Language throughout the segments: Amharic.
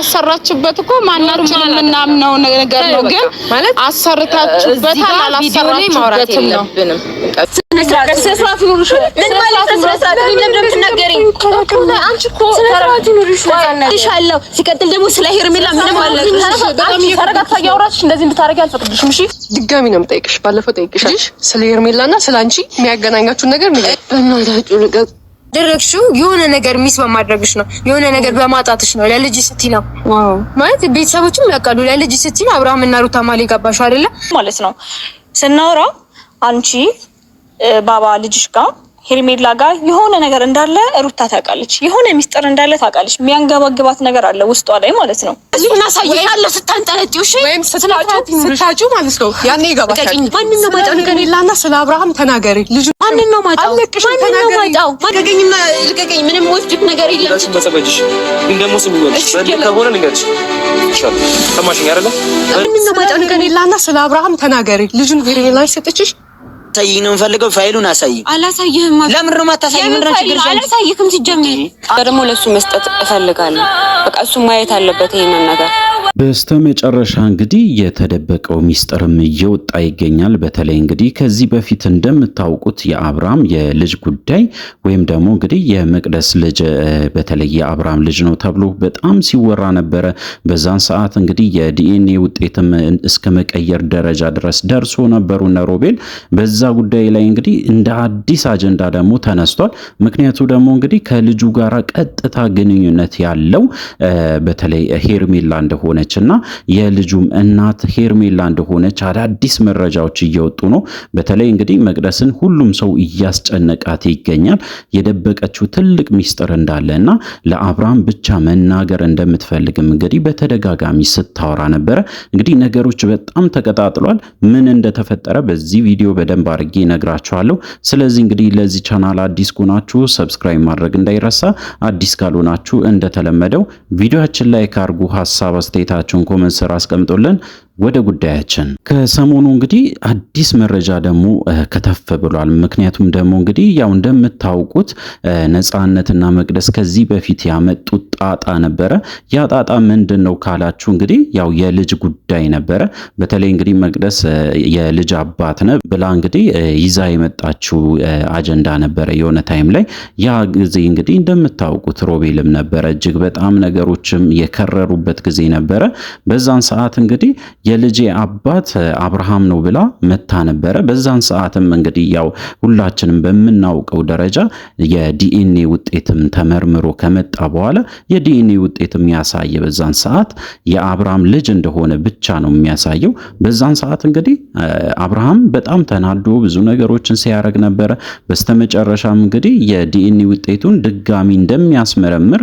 አሰራችበት እኮ ማናችንም የምናምነው ነገር ነው። ግን አሰርታችሁበት አላሰራችሁበትም ነው። ሲቀጥል ደግሞ ስለ ሄርሜላ ምንም አለ ተረጋግታ እያወራች እንደዚህ እንድታረጊ አልፈቅድሽም። እሺ ድጋሚ ነው የምጠይቅሽ። ባለፈው ጠይቅሻለሽ ስለ ሄርሜላ እና ስለ አንቺ የሚያገናኛችሁን ነገር ያደረግሽው የሆነ ነገር ሚስ በማድረግሽ ነው፣ የሆነ ነገር በማጣትሽ ነው። ለልጅ ስቲ ነው ማለት ቤተሰቦችም ያውቃሉ። ለልጅ ስቲ ነው አብርሃም እና ሩታ ማል የገባሽው አይደለ ማለት ነው። ስናወራ አንቺ ባባ ልጅሽ ጋር ሄርሜላ ጋር የሆነ ነገር እንዳለ ሩታ ታውቃለች። የሆነ ሚስጥር እንዳለ ታውቃለች። የሚያንገባግባት ነገር አለ ውስጧ ላይ ማለት ነው። እዚሁና ሳየ ያለ ወይም ስታጩ ማለት ነው። ያኔ ማንን ነው ማጣው? ስለ አብርሃም ተናገሪ ማንን ነው ማጣው? ማንን ነው ማጣው? ልቀቀኝ። ምንም ወስድክ ነገር የለም። ማንን ነው ማጣው? ስለ አብርሃም ተናገሪ ልጁን ሄርሜላ ይሰጥችሽ እንድታሳይኝ ነው የምፈልገው። ፋይሉን አሳይ። አላሳይህም። ለምን ነው የማታሳይኝ? ምን ነው ችግር? አላሳይህም። ሲጀምር ደግሞ ለሱ መስጠት እፈልጋለሁ። በቃ እሱ ማየት አለበት ይሄንን ነገር በስተ መጨረሻ እንግዲህ የተደበቀው ሚስጥርም እየወጣ ይገኛል። በተለይ እንግዲህ ከዚህ በፊት እንደምታውቁት የአብርሃም የልጅ ጉዳይ ወይም ደግሞ እንግዲህ የመቅደስ ልጅ በተለይ የአብርሃም ልጅ ነው ተብሎ በጣም ሲወራ ነበረ። በዛን ሰዓት እንግዲህ የዲኤንኤ ውጤትም እስከ መቀየር ደረጃ ድረስ ደርሶ ነበሩ እነ ሮቤል። በዛ ጉዳይ ላይ እንግዲህ እንደ አዲስ አጀንዳ ደግሞ ተነስቷል። ምክንያቱ ደግሞ እንግዲህ ከልጁ ጋር ቀጥታ ግንኙነት ያለው በተለይ ሄርሜላ እንደሆነ እንደሆነች እና የልጁም እናት ሄርሜላ እንደሆነች አዳዲስ መረጃዎች እየወጡ ነው። በተለይ እንግዲህ መቅደስን ሁሉም ሰው እያስጨነቃት ይገኛል። የደበቀችው ትልቅ ሚስጥር እንዳለ እና ለአብርሃም ብቻ መናገር እንደምትፈልግም እንግዲህ በተደጋጋሚ ስታወራ ነበረ። እንግዲህ ነገሮች በጣም ተቀጣጥሏል። ምን እንደተፈጠረ በዚህ ቪዲዮ በደንብ አድርጌ ነግራችኋለሁ። ስለዚህ እንግዲህ ለዚህ ቻናል አዲስ ከሆናችሁ ሰብስክራይብ ማድረግ እንዳይረሳ፣ አዲስ ካልሆናችሁ እንደተለመደው ቪዲዮችን ላይ ካርጉ ሀሳብ አስተያየታችሁን ኮመንት ስር አስቀምጡልን። ወደ ጉዳያችን ከሰሞኑ እንግዲህ አዲስ መረጃ ደግሞ ከተፍ ብሏል። ምክንያቱም ደግሞ እንግዲህ ያው እንደምታውቁት ነፃነትና መቅደስ ከዚህ በፊት ያመጡት ጣጣ ነበረ። ያ ጣጣ ምንድን ነው ካላችሁ እንግዲህ ያው የልጅ ጉዳይ ነበረ። በተለይ እንግዲህ መቅደስ የልጅ አባት ነ ብላ እንግዲህ ይዛ የመጣችው አጀንዳ ነበረ የሆነ ታይም ላይ። ያ ጊዜ እንግዲህ እንደምታውቁት ሮቤልም ነበረ እጅግ በጣም ነገሮችም የከረሩበት ጊዜ ነበረ። በዛን ሰዓት እንግዲህ የልጄ አባት አብርሃም ነው ብላ መታ ነበረ። በዛን ሰዓትም እንግዲህ ያው ሁላችንም በምናውቀው ደረጃ የዲኤንኤ ውጤትም ተመርምሮ ከመጣ በኋላ የዲኤንኤ ውጤት ያሳየ በዛን ሰዓት የአብርሃም ልጅ እንደሆነ ብቻ ነው የሚያሳየው። በዛን ሰዓት እንግዲህ አብርሃም በጣም ተናዶ ብዙ ነገሮችን ሲያደርግ ነበረ። በስተመጨረሻም እንግዲህ የዲኤንኤ ውጤቱን ድጋሚ እንደሚያስመረምር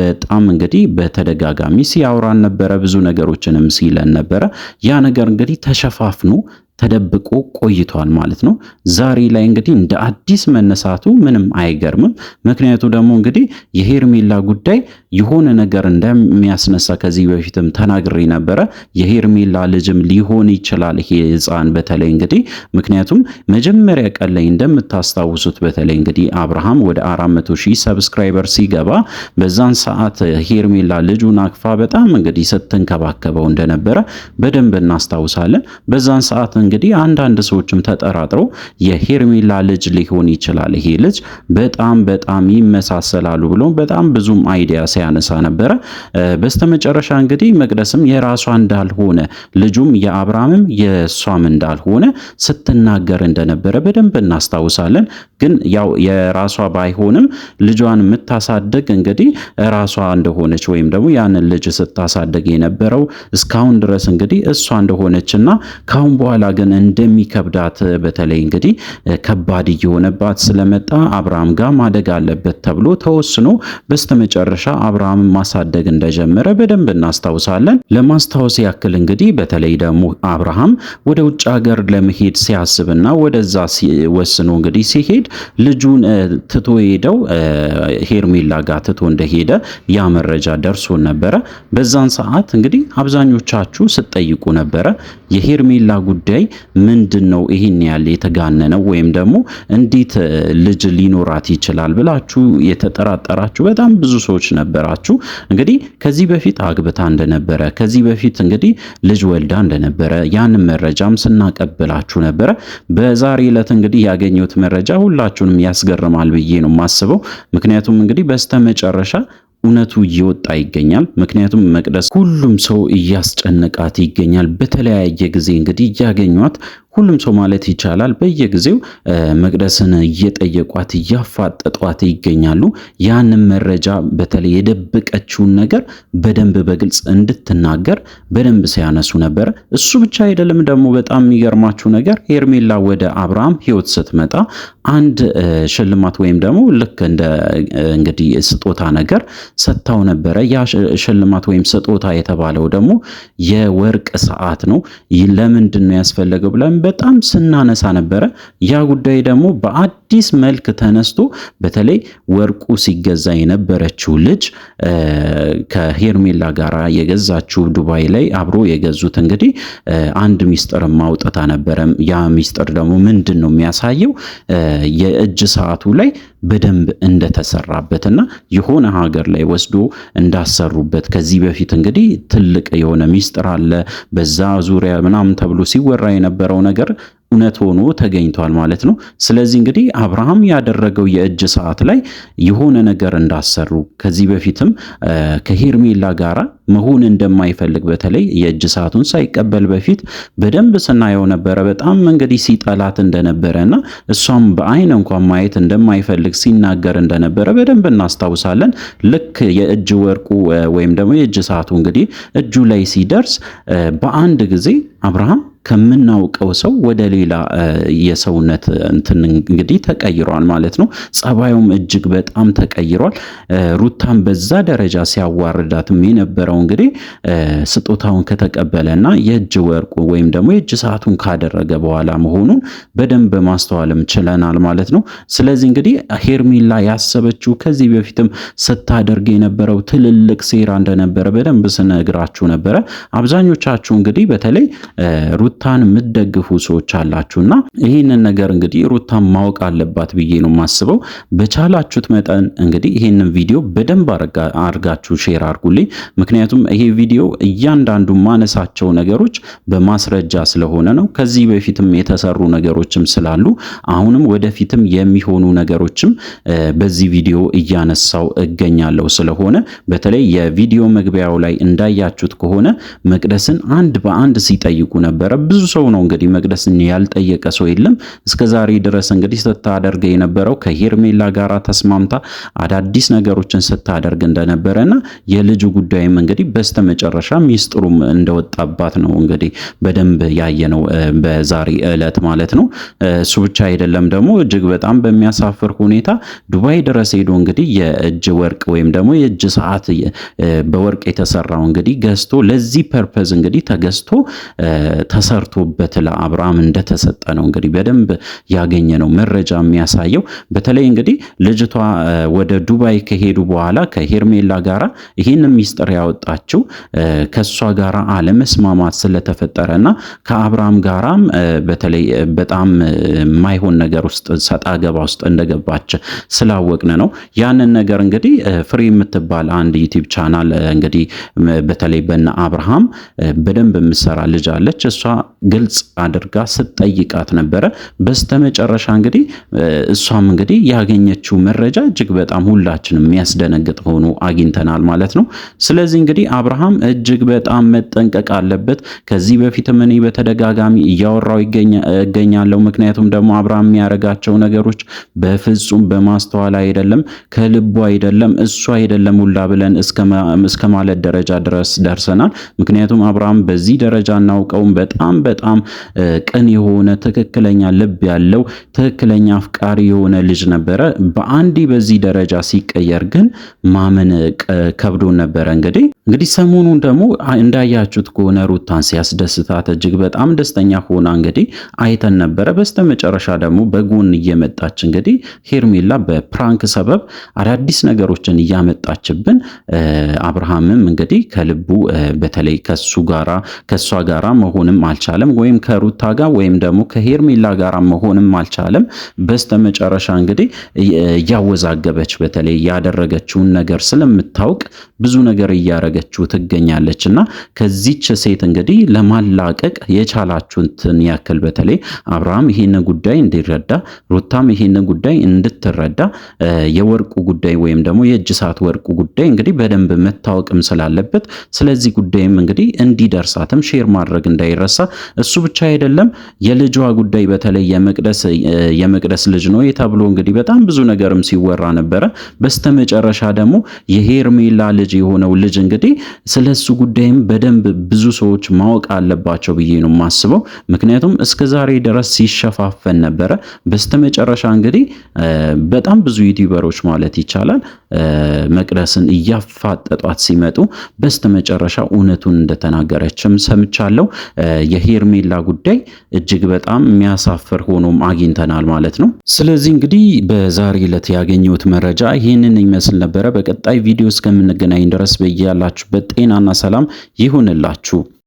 በጣም እንግዲህ በተደጋጋሚ ሲያወራን ነበረ። ብዙ ነገሮችንም ሲለን ነበረ። ያ ነገር እንግዲህ ተሸፋፍኖ ተደብቆ ቆይቷል ማለት ነው። ዛሬ ላይ እንግዲህ እንደ አዲስ መነሳቱ ምንም አይገርምም። ምክንያቱ ደግሞ እንግዲህ የሄርሜላ ጉዳይ የሆነ ነገር እንደሚያስነሳ ከዚህ በፊትም ተናግሬ ነበረ። የሄርሜላ ልጅም ሊሆን ይችላል ይሄ ሕፃን በተለይ እንግዲህ ምክንያቱም መጀመሪያ ቀን ላይ እንደምታስታውሱት በተለይ እንግዲህ አብርሃም ወደ 400 ሺህ ሰብስክራይበር ሲገባ በዛን ሰዓት ሄርሜላ ልጁን አቅፋ በጣም እንግዲህ ስትንከባከበው እንደነበረ በደንብ እናስታውሳለን። በዛን ሰዓት እንግዲህ አንዳንድ ሰዎችም ተጠራጥረው የሄርሜላ ልጅ ሊሆን ይችላል ይሄ ልጅ በጣም በጣም ይመሳሰላሉ ብሎ በጣም ብዙም አይዲያ ሲያነሳ ነበረ። በስተመጨረሻ እንግዲህ መቅደስም የራሷ እንዳልሆነ ልጁም የአብርሃምም የእሷም እንዳልሆነ ስትናገር እንደነበረ በደንብ እናስታውሳለን። ግን ያው የራሷ ባይሆንም ልጇን የምታሳድግ እንግዲህ ራሷ እንደሆነች ወይም ደግሞ ያንን ልጅ ስታሳድግ የነበረው እስካሁን ድረስ እንግዲህ እሷ እንደሆነችና ካሁን በኋላ ግን እንደሚከብዳት በተለይ እንግዲህ ከባድ እየሆነባት ስለመጣ አብርሃም ጋር ማደግ አለበት ተብሎ ተወስኖ በስተመጨረሻ አብርሃም ማሳደግ እንደጀመረ በደንብ እናስታውሳለን። ለማስታወስ ያክል እንግዲህ በተለይ ደግሞ አብርሃም ወደ ውጭ ሀገር ለመሄድ ሲያስብና ወደዛ ወስኖ እንግዲህ ሲሄድ ልጁን ትቶ ሄደው ሄርሜላ ጋር ትቶ እንደሄደ ያ መረጃ ደርሶ ነበረ። በዛን ሰዓት እንግዲህ አብዛኞቻችሁ ስትጠይቁ ነበረ የሄርሜላ ጉዳይ ምንድን ነው ይህን ያለ የተጋነነው ወይም ደግሞ እንዴት ልጅ ሊኖራት ይችላል ብላችሁ የተጠራጠራችሁ በጣም ብዙ ሰዎች ነበራችሁ። እንግዲህ ከዚህ በፊት አግብታ እንደነበረ ከዚህ በፊት እንግዲህ ልጅ ወልዳ እንደነበረ ያንን መረጃም ስናቀብላችሁ ነበረ። በዛሬ ዕለት እንግዲህ ያገኘሁት መረጃ ሁላችሁንም ያስገርማል ብዬ ነው የማስበው። ምክንያቱም እንግዲህ በስተመጨረሻ እውነቱ እየወጣ ይገኛል። ምክንያቱም መቅደስ ሁሉም ሰው እያስጨነቃት ይገኛል። በተለያየ ጊዜ እንግዲህ እያገኟት ሁሉም ሰው ማለት ይቻላል በየጊዜው መቅደስን እየጠየቋት እያፋጠጧት ይገኛሉ። ያንን መረጃ በተለይ የደበቀችውን ነገር በደንብ በግልጽ እንድትናገር በደንብ ሲያነሱ ነበር። እሱ ብቻ አይደለም ደግሞ በጣም የሚገርማችሁ ነገር ሄርሜላ ወደ አብርሃም ሕይወት ስትመጣ አንድ ሽልማት ወይም ደግሞ ልክ እንደ እንግዲህ ስጦታ ነገር ሰጥታው ነበረ። ያ ሽልማት ወይም ስጦታ የተባለው ደግሞ የወርቅ ሰዓት ነው። ለምንድን ነው ያስፈለገው ብለን በጣም ስናነሳ ነበረ። ያ ጉዳይ ደግሞ በአድ አዲስ መልክ ተነስቶ በተለይ ወርቁ ሲገዛ የነበረችው ልጅ ከሄርሜላ ጋር የገዛችው ዱባይ ላይ አብሮ የገዙት እንግዲህ አንድ ሚስጥር ማውጣታ ነበረ። ያ ሚስጥር ደግሞ ምንድን ነው የሚያሳየው የእጅ ሰዓቱ ላይ በደንብ እንደተሰራበትና የሆነ ሀገር ላይ ወስዶ እንዳሰሩበት ከዚህ በፊት እንግዲህ ትልቅ የሆነ ሚስጥር አለ በዛ ዙሪያ ምናምን ተብሎ ሲወራ የነበረው ነገር እውነት ሆኖ ተገኝቷል ማለት ነው። ስለዚህ እንግዲህ አብርሃም ያደረገው የእጅ ሰዓት ላይ የሆነ ነገር እንዳሰሩ ከዚህ በፊትም ከሄርሜላ ጋራ መሆን እንደማይፈልግ በተለይ የእጅ ሰዓቱን ሳይቀበል በፊት በደንብ ስናየው ነበረ። በጣም እንግዲህ ሲጠላት እንደነበረ እና እሷም በአይን እንኳን ማየት እንደማይፈልግ ሲናገር እንደነበረ በደንብ እናስታውሳለን። ልክ የእጅ ወርቁ ወይም ደግሞ የእጅ ሰዓቱ እንግዲህ እጁ ላይ ሲደርስ በአንድ ጊዜ አብርሃም ከምናውቀው ሰው ወደ ሌላ የሰውነት እንትን እንግዲህ ተቀይሯል ማለት ነው። ጸባዩም እጅግ በጣም ተቀይሯል። ሩታን በዛ ደረጃ ሲያዋርዳትም የነበረው እንግዲህ ስጦታውን ከተቀበለና የእጅ ወርቁ ወይም ደግሞ የእጅ ሰዓቱን ካደረገ በኋላ መሆኑን በደንብ ማስተዋልም ችለናል ማለት ነው። ስለዚህ እንግዲህ ሄርሜላ ያሰበችው ከዚህ በፊትም ስታደርግ የነበረው ትልልቅ ሴራ እንደነበረ በደንብ ስነግራችሁ ነበረ። አብዛኞቻችሁ እንግዲህ በተለይ ሩታን የምትደግፉ ሰዎች አላችሁና ይህንን ነገር እንግዲህ ሩታን ማወቅ አለባት ብዬ ነው የማስበው። በቻላችሁት መጠን እንግዲህ ይህንን ቪዲዮ በደንብ አድርጋችሁ ሼር አድርጉልኝ። ምክንያቱም ይሄ ቪዲዮ እያንዳንዱ ማነሳቸው ነገሮች በማስረጃ ስለሆነ ነው። ከዚህ በፊትም የተሰሩ ነገሮችም ስላሉ አሁንም ወደፊትም የሚሆኑ ነገሮችም በዚህ ቪዲዮ እያነሳው እገኛለሁ። ስለሆነ በተለይ የቪዲዮ መግቢያው ላይ እንዳያችሁት ከሆነ መቅደስን አንድ በአንድ ሲጠይቁ ነበረ። ብዙ ሰው ነው እንግዲህ መቅደስን ያልጠየቀ ሰው የለም። እስከ ዛሬ ድረስ እንግዲህ ስታደርገ የነበረው ከሄርሜላ ጋር ተስማምታ አዳዲስ ነገሮችን ስታደርግ እንደነበረና የልጁ ጉዳይም እንግዲህ በስተመጨረሻ ሚስጥሩም እንደወጣባት ነው እንግዲህ በደንብ ያየነው በዛሬ ዕለት ማለት ነው። እሱ ብቻ አይደለም ደግሞ እጅግ በጣም በሚያሳፍር ሁኔታ ዱባይ ድረስ ሄዶ እንግዲህ የእጅ ወርቅ ወይም ደግሞ የእጅ ሰዓት በወርቅ የተሰራው እንግዲህ ገዝቶ ለዚህ ፐርፐዝ እንግዲህ ተገዝቶ ተሰርቶበት ለአብርሃም እንደተሰጠ ነው እንግዲህ በደንብ ያገኘ ነው መረጃ የሚያሳየው። በተለይ እንግዲህ ልጅቷ ወደ ዱባይ ከሄዱ በኋላ ከሄርሜላ ጋራ ይህን ሚስጥር ያወጣችው ከእሷ ጋራ አለመስማማት ስለተፈጠረ እና ከአብርሃም ጋራም በተለይ በጣም የማይሆን ነገር ውስጥ ሰጣ ገባ ውስጥ እንደገባች ስላወቅን ነው። ያንን ነገር እንግዲህ ፍሪ የምትባል አንድ ዩቲብ ቻናል እንግዲህ በተለይ በነ አብርሃም በደንብ የምሰራ ልጅ አለች። እሷ ግልጽ አድርጋ ስትጠይቃት ነበረ። በስተመጨረሻ እንግዲህ እሷም እንግዲህ ያገኘችው መረጃ እጅግ በጣም ሁላችንም የሚያስደነግጥ ሆኖ አግኝተናል ማለት ነው። ስለዚህ እንግዲህ አብርሃም እጅግ በጣም መጠንቀቅ አለበት። ከዚህ በፊትም እኔ በተደጋጋሚ እያወራው እገኛለሁ። ምክንያቱም ደግሞ አብርሃም የሚያደርጋቸው ነገሮች በፍጹም በማስተዋል አይደለም፣ ከልቡ አይደለም፣ እሱ አይደለም ሁላ ብለን እስከ ማለት ደረጃ ድረስ ደርሰናል። ምክንያቱም አብርሃም በዚህ ደረጃ እናውቀውም በጣም በጣም በጣም ቅን የሆነ ትክክለኛ ልብ ያለው ትክክለኛ አፍቃሪ የሆነ ልጅ ነበረ። በአንዴ በዚህ ደረጃ ሲቀየር ግን ማመን ከብዶ ነበረ። እንግዲህ እንግዲህ ሰሞኑን ደግሞ እንዳያችሁት ከሆነ ሩታን ሲያስደስታት እጅግ በጣም ደስተኛ ሆና እንግዲህ አይተን ነበረ። በስተመጨረሻ ደግሞ በጎን እየመጣች እንግዲህ ሄርሜላ በፕራንክ ሰበብ አዳዲስ ነገሮችን እያመጣችብን አብርሃምም እንግዲህ ከልቡ በተለይ ከሱ ጋራ ከእሷ ጋራ መሆንም አል አልቻለም፣ ወይም ከሩታ ጋር ወይም ደግሞ ከሄርሜላ ጋር መሆንም አልቻለም። በስተመጨረሻ እንግዲህ እያወዛገበች በተለይ ያደረገችውን ነገር ስለምታውቅ ብዙ ነገር እያረገችው ትገኛለች እና ከዚች ሴት እንግዲህ ለማላቀቅ የቻላችሁትን ያክል በተለይ አብርሃም ይሄን ጉዳይ እንዲረዳ ሩታም ይሄን ጉዳይ እንድትረዳ የወርቁ ጉዳይ ወይም ደግሞ የእጅ ሰዓት ወርቁ ጉዳይ እንግዲህ በደንብ መታወቅም ስላለበት ስለዚህ ጉዳይም እንግዲህ እንዲደርሳትም ሼር ማድረግ እንዳይረሳ እሱ ብቻ አይደለም የልጇ ጉዳይ በተለይ የመቅደስ የመቅደስ ልጅ ነው ተብሎ እንግዲህ በጣም ብዙ ነገርም ሲወራ ነበረ። በስተመጨረሻ ደግሞ የሄርሜላ ልጅ የሆነው ልጅ እንግዲህ ስለሱ ጉዳይም በደንብ ብዙ ሰዎች ማወቅ አለባቸው ብዬ ነው የማስበው። ምክንያቱም እስከ ዛሬ ድረስ ሲሸፋፈን ነበረ። በስተመጨረሻ እንግዲህ በጣም ብዙ ዩቲዩበሮች ማለት ይቻላል መቅደስን እያፋጠጧት ሲመጡ በስተመጨረሻ እውነቱን እንደተናገረችም ሰምቻለሁ። የሄርሜላ ጉዳይ እጅግ በጣም የሚያሳፍር ሆኖም አግኝተናል ማለት ነው። ስለዚህ እንግዲህ በዛሬ ዕለት ያገኘሁት መረጃ ይህንን ይመስል ነበረ። በቀጣይ ቪዲዮ እስከምንገናኝ ድረስ በያላችሁበት ጤናና ሰላም ይሁንላችሁ።